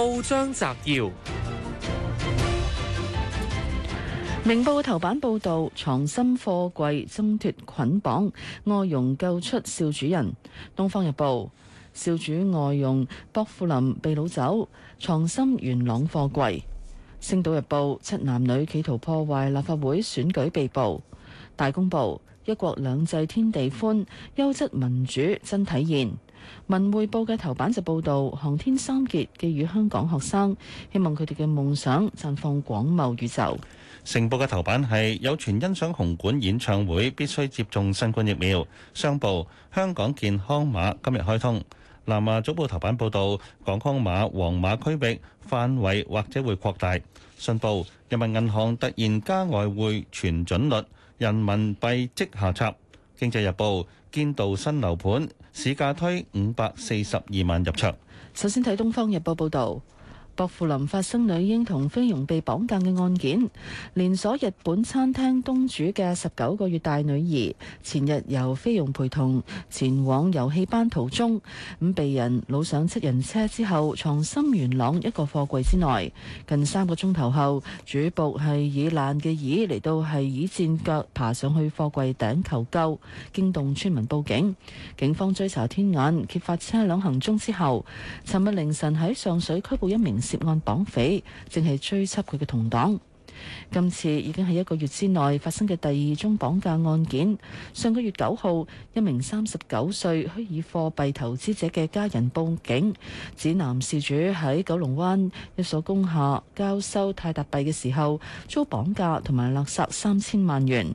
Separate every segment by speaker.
Speaker 1: 報章摘要：明報頭版報道，藏心貨櫃掙脫捆綁，外傭救出少主人。東方日報，少主外傭薄扶林被擄走，藏心元朗貨櫃。星島日報，七男女企圖破壞立法會選舉被捕。大公報，一國兩制天地寬，優質民主真體現。文匯報嘅頭版就報道，航天三傑寄予香港學生，希望佢哋嘅夢想綻放廣袤宇宙。
Speaker 2: 成報嘅頭版係有傳欣賞紅館演唱會，必須接種新冠疫苗。商報香港健康碼今日開通。南華早報頭版報道，港康碼黃碼區域範圍或者會擴大。信報人民銀行突然加外匯存準率，人民幣即下插。經濟日報。見到新樓盤市價推五百四十二萬入場。
Speaker 1: 首先睇《東方日報》報道。薄扶林發生女嬰同菲傭被綁架嘅案件，連鎖日本餐廳東主嘅十九個月大女兒，前日由菲傭陪同前往遊戲班途中，咁被人擄上七人車之後，藏深元朗一個貨櫃之內，近三個鐘頭後，主僕係以爛嘅椅嚟到係椅墊腳爬上去貨櫃頂求救，驚動村民報警，警方追查天眼揭發車輛行蹤之後，尋日凌晨喺上水拘捕一名。涉案黨匪正係追緝佢嘅同黨。今次已經係一個月之內發生嘅第二宗綁架案件。上個月九號，一名三十九歲虛擬貨幣投資者嘅家人報警，指男事主喺九龍灣一所工廈交收泰達幣嘅時候遭綁架，同埋勒索三千萬元。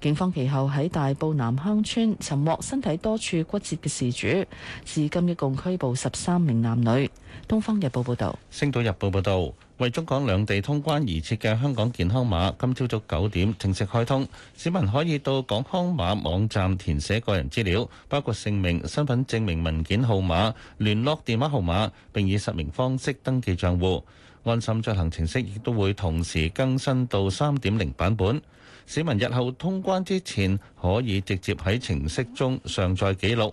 Speaker 1: 警方其後喺大埔南鄉村尋獲身體多處骨折嘅事主，至今一共拘捕十三名男女。《東方日報》報道，《
Speaker 2: 星島日報》報道。為中港兩地通關而設嘅香港健康碼，今朝早九點正式開通，市民可以到港康碼網站填寫個人資料，包括姓名、身份證明文件號碼、聯絡電話號碼，並以實名方式登記帳戶。安心出行程式亦都會同時更新到3.0版本，市民日後通關之前可以直接喺程式中上載記錄。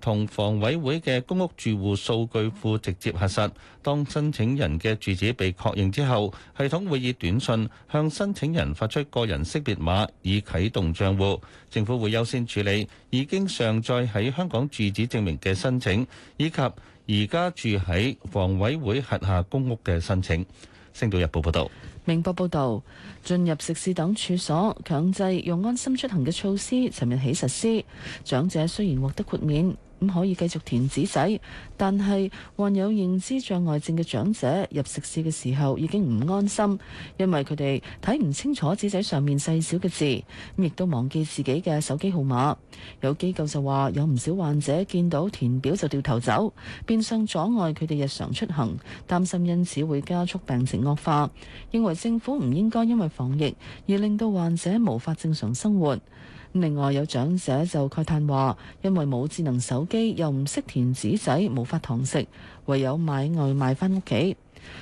Speaker 2: 同房委會嘅公屋住戶數據庫直接核實。當申請人嘅住址被確認之後，系統會以短信向申請人發出個人識別碼，以啟動賬戶。政府會優先處理已經上載喺香港住址證明嘅申請，以及而家住喺房委會轄下公屋嘅申請。星島日報報道。
Speaker 1: 明報報道，進入食肆等處所強制用安心出行嘅措施，尋日起實施。長者雖然獲得豁免。咁可以繼續填紙仔，但係患有認知障礙症嘅長者入食肆嘅時候已經唔安心，因為佢哋睇唔清楚紙仔上面細小嘅字，亦都忘記自己嘅手機號碼。有機構就話，有唔少患者見到填表就掉頭走，變相阻礙佢哋日常出行，擔心因此會加速病情惡化，認為政府唔應該因為防疫而令到患者無法正常生活。另外有長者就慨嘆話，因為冇智能手機，又唔識填紙仔，無法堂食，唯有買外賣返屋企。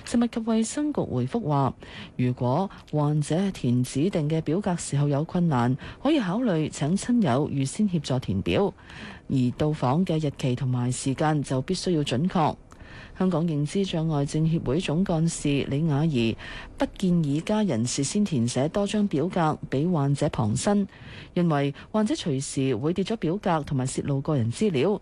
Speaker 1: 食物及衞生局回覆話，如果患者填指定嘅表格時候有困難，可以考慮請親友預先協助填表，而到訪嘅日期同埋時間就必須要準確。香港認知障礙症協會總幹事李雅儀不建議家人事先填寫多張表格俾患者傍身，認為患者隨時會跌咗表格同埋泄露個人資料。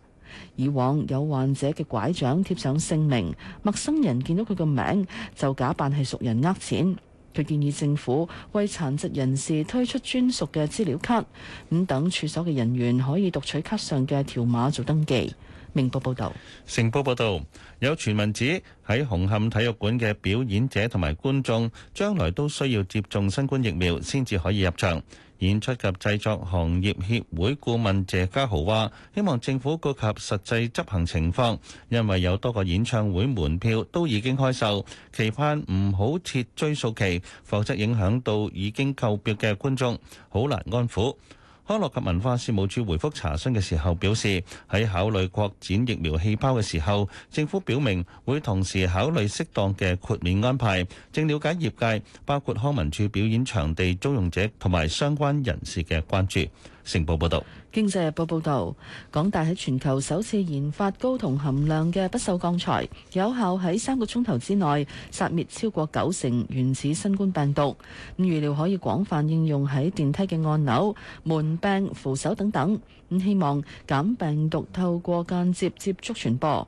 Speaker 1: 以往有患者嘅拐杖貼上姓名，陌生人見到佢個名就假扮係熟人呃錢。佢建議政府為殘疾人士推出專屬嘅資料卡，咁等處所嘅人員可以讀取卡上嘅條碼做登記。明報報導，
Speaker 2: 成報報導，有傳聞指喺紅磡體育館嘅表演者同埋觀眾，將來都需要接種新冠疫苗先至可以入場。演出及製作行業協會顧問謝家豪話，希望政府顧及，及實際執行情況，因為有多個演唱會門票都已經開售，期盼唔好設追溯期，否則影響到已經購票嘅觀眾，好難安撫。康樂及文化事務署回覆查詢嘅時候表示，喺考慮擴展疫苗氣泡嘅時候，政府表明會同時考慮適當嘅豁免安排。正了解業界，包括康文署表演場地租用者同埋相關人士嘅關注。成報報導，
Speaker 1: 《經濟日報》報導，港大喺全球首次研發高銅含量嘅不鏽鋼材，有效喺三個鐘頭之內殺滅超過九成原始新冠病毒。咁預料可以廣泛應用喺電梯嘅按鈕、門柄、扶手等等。希望減病毒透過間接接觸傳播。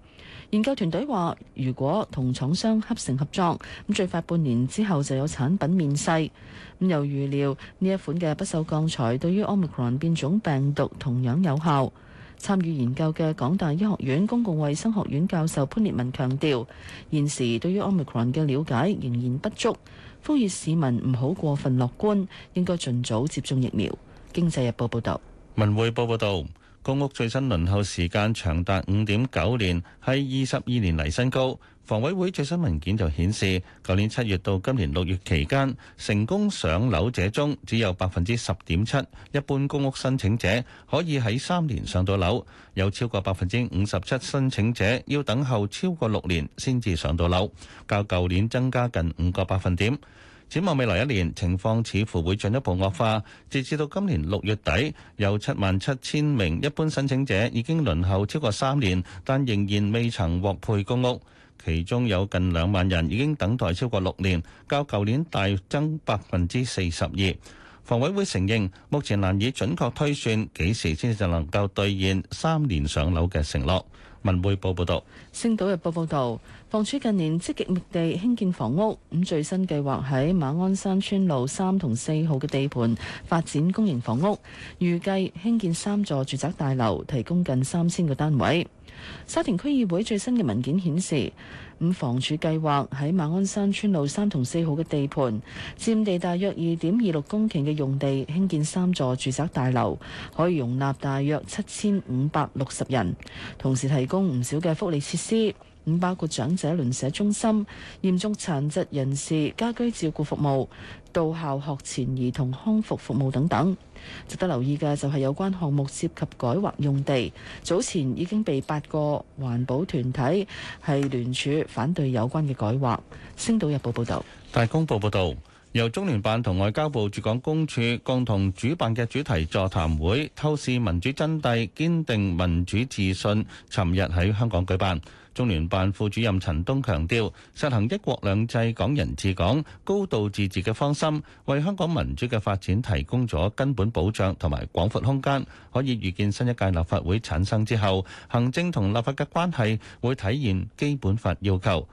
Speaker 1: 研究團隊話，如果同廠商合成合作，咁最快半年之後就有產品面世。咁又預料呢一款嘅不鏽鋼材，材對於 Omicron 變種病毒同樣有效。參與研究嘅港大醫學院公共衛生學院教授潘烈文強調，現時對於 Omicron 嘅了解仍然不足，呼籲市民唔好過分樂觀，應該盡早接種疫苗。經濟日報報道。
Speaker 2: 文匯報報道，公屋最新輪候時間長達五點九年，係二十二年嚟新高。房委會最新文件就顯示，舊年七月到今年六月期間，成功上樓者中只有百分之十點七，一般公屋申請者可以喺三年上到樓，有超過百分之五十七申請者要等候超過六年先至上到樓，較舊年增加近五個百分點。展望未來一年，情況似乎會進一步惡化。截至到今年六月底，有七萬七千名一般申請者已經輪候超過三年，但仍然未曾獲配公屋，其中有近兩萬人已經等待超過六年，較舊年大增百分之四十二。房委會承認，目前難以準確推算幾時先至能夠兌現三年上樓嘅承諾。文匯報報道，
Speaker 1: 星島日報報道，房署近年積極覓地興建房屋，咁最新計劃喺馬鞍山村路三同四號嘅地盤發展公營房屋，預計興建三座住宅大樓，提供近三千個單位。沙田區議會最新嘅文件顯示。咁房署計劃喺馬鞍山村路三同四號嘅地盤，佔地大約二點二六公頃嘅用地，興建三座住宅大樓，可以容納大約七千五百六十人，同時提供唔少嘅福利設施。五包括長者鄰舍中心、嚴重殘疾人士家居照顧服務、到校學前兒童康復服務等等。值得留意嘅就係有關項目涉及改劃用地，早前已經被八個環保團體喺聯署反對有關嘅改劃。星島日報報道。
Speaker 2: 大公報報道。由中聯辦同外交部駐港公署共同主辦嘅主題座談會《透視民主真諦，堅定民主自信》，尋日喺香港舉辦。中聯辦副主任陳東強調，實行一國兩制、港人治港、高度自治嘅方針，為香港民主嘅發展提供咗根本保障同埋廣闊空間。可以預見新一屆立法會產生之後，行政同立法嘅關係會體現基本法要求。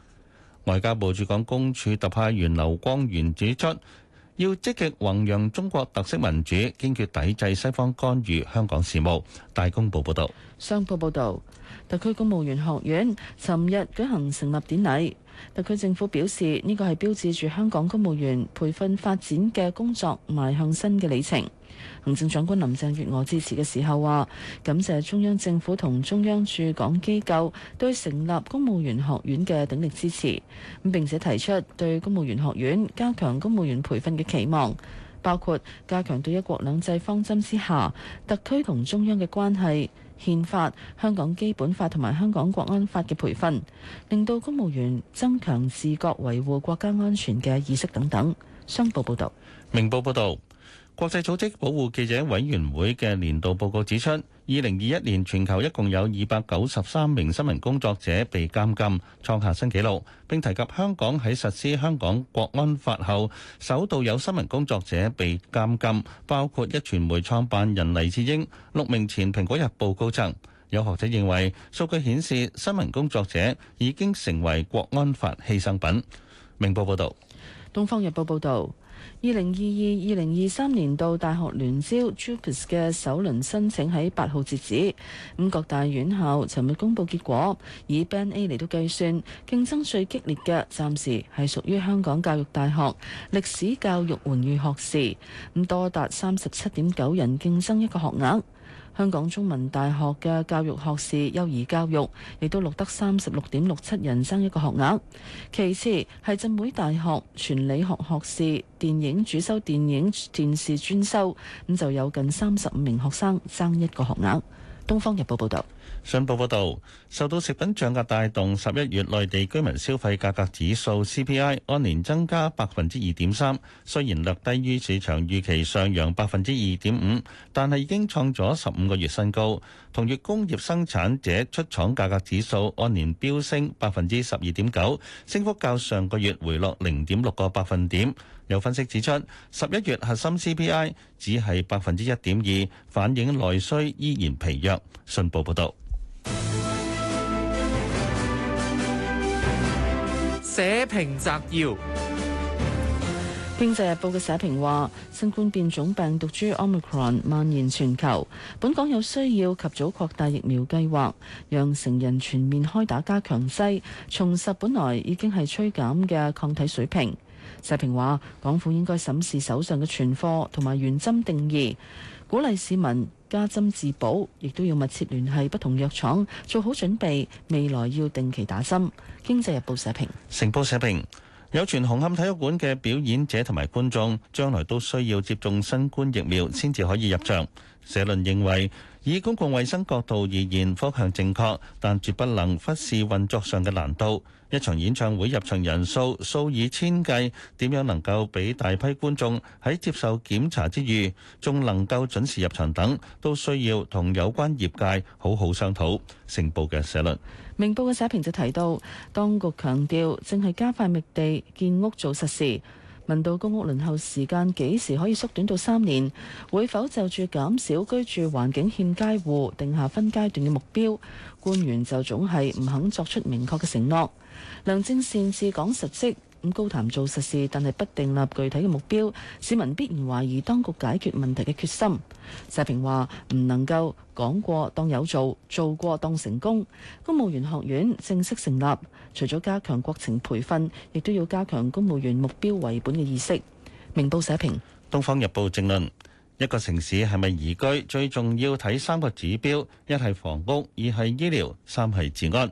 Speaker 2: 外交部駐港公署特派員劉光源指出，要積極弘揚中國特色民主，堅決抵制西方干預香港事務。大公報報道。
Speaker 1: 商報報導，特區公務員學院尋日舉行成立典禮。特區政府表示，呢個係標誌住香港公務員培訓發展嘅工作邁向新嘅里程。行政長官林鄭月娥致辭嘅時候話：感謝中央政府同中央駐港機構對成立公務員學院嘅鼎力支持，咁並且提出對公務員學院加強公務員培訓嘅期望，包括加強對一國兩制方針之下特區同中央嘅關係、憲法、香港基本法同埋香港國安法嘅培訓，令到公務員增強自覺維護國家安全嘅意識等等。商報報導，
Speaker 2: 明報報導。國際組織保護記者委員會嘅年度報告指出，二零二一年全球一共有二百九十三名新聞工作者被監禁，創下新紀錄。並提及香港喺實施香港國安法後，首度有新聞工作者被監禁，包括一傳媒創辦人黎智英、六名前《蘋果日報》高層。有學者認為，數據顯示新聞工作者已經成為國安法犧牲品。明報報道。
Speaker 1: 《東方日報》報道，二零二二、二零二三年度大學聯招 JUPAS 嘅首輪申請喺八號截止，咁各大院校尋日公布結果，以 Band A 嚟到計算，競爭最激烈嘅暫時係屬於香港教育大學歷史教育榮譽學士，咁多達三十七點九人競爭一個學額。香港中文大學嘅教育學士、幼兒教育亦都錄得三十六點六七人爭一個學額，其次係浸會大學全理學學士、電影主修、電影電視專修，咁就有近三十五名學生爭一個學額。《東方日報》報道。
Speaker 2: 信報報道，受到食品漲價帶動，十一月內地居民消費價格指數 CPI 按年增加百分之二點三，雖然略低於市場預期上揚百分之二點五，但係已經創咗十五個月新高。同月工業生產者出廠價格指數按年飆升百分之十二點九，升幅較上個月回落零點六個百分點。有分析指出，十一月核心 CPI 只係百分之一點二，反映內需依然疲弱。信報報道。
Speaker 1: 社評摘要：《經濟日報》嘅社評話，新冠變種病毒株 Omicron 蔓延全球，本港有需要及早擴大疫苗計劃，讓成人全面開打加強劑，重拾本來已經係趨減嘅抗體水平。社評話，港府應該審視手上嘅存貨同埋原針定義，鼓勵市民，加針自保，亦都要密切聯繫不同藥廠做好準備。未來要定期打針。經濟日報社評，
Speaker 2: 成報社評，有傳紅磡體育館嘅表演者同埋觀眾，將來都需要接種新冠疫苗先至可以入場。社論認為，以公共衛生角度而言，方向正確，但絕不能忽視運作上嘅難度。一場演唱會入場人數數以千計，點樣能夠俾大批觀眾喺接受檢查之餘，仲能夠準時入場等，都需要同有關業界好好商討。成報嘅社論，
Speaker 1: 明報嘅社評就提到，當局強調正係加快覓地建屋做實事。問到公屋輪候時間幾時可以縮短到三年，會否就住減少居住環境欠佳戶，定下分階段嘅目標，官員就總係唔肯作出明確嘅承諾。良政善治，至講實績。咁高談做實事，但係不訂立具體嘅目標，市民必然懷疑當局解決問題嘅決心。社評話：唔能夠講過當有做，做過當成功。公務員學院正式成立，除咗加強國情培訓，亦都要加強公務員目標為本嘅意識。明報社評，東
Speaker 2: 方日報政論：一個城市係咪宜居，最重要睇三個指標：一係房屋，二係醫療，三係治安。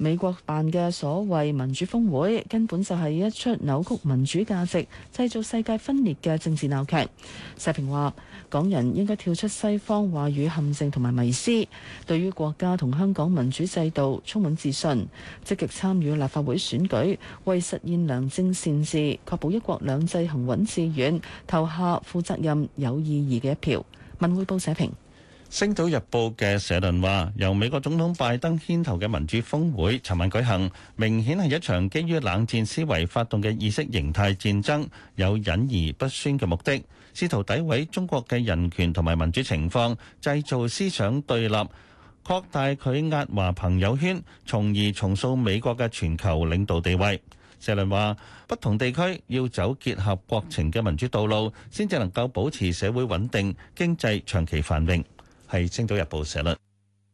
Speaker 1: 美國辦嘅所謂民主峰會，根本就係一出扭曲民主價值、製造世界分裂嘅政治鬧劇。社評話：港人應該跳出西方話語陷阱同埋迷思，對於國家同香港民主制度充滿自信，積極參與立法會選舉，為實現良政善治、確保一國兩制行穩致遠，投下負責任、有意義嘅一票。文匯報社評。
Speaker 2: 《星島日報》嘅社論話，由美國總統拜登牽頭嘅民主峰會，尋晚舉行，明顯係一場基於冷戰思維發動嘅意識形態戰爭，有隱而不宣嘅目的，試圖詆毀中國嘅人權同埋民主情況，製造思想對立，擴大佢壓華朋友圈，從而重塑美國嘅全球領導地位。社論話，不同地區要走結合國情嘅民主道路，先至能夠保持社會穩定、經濟長期繁榮。係《青島日報》社啦。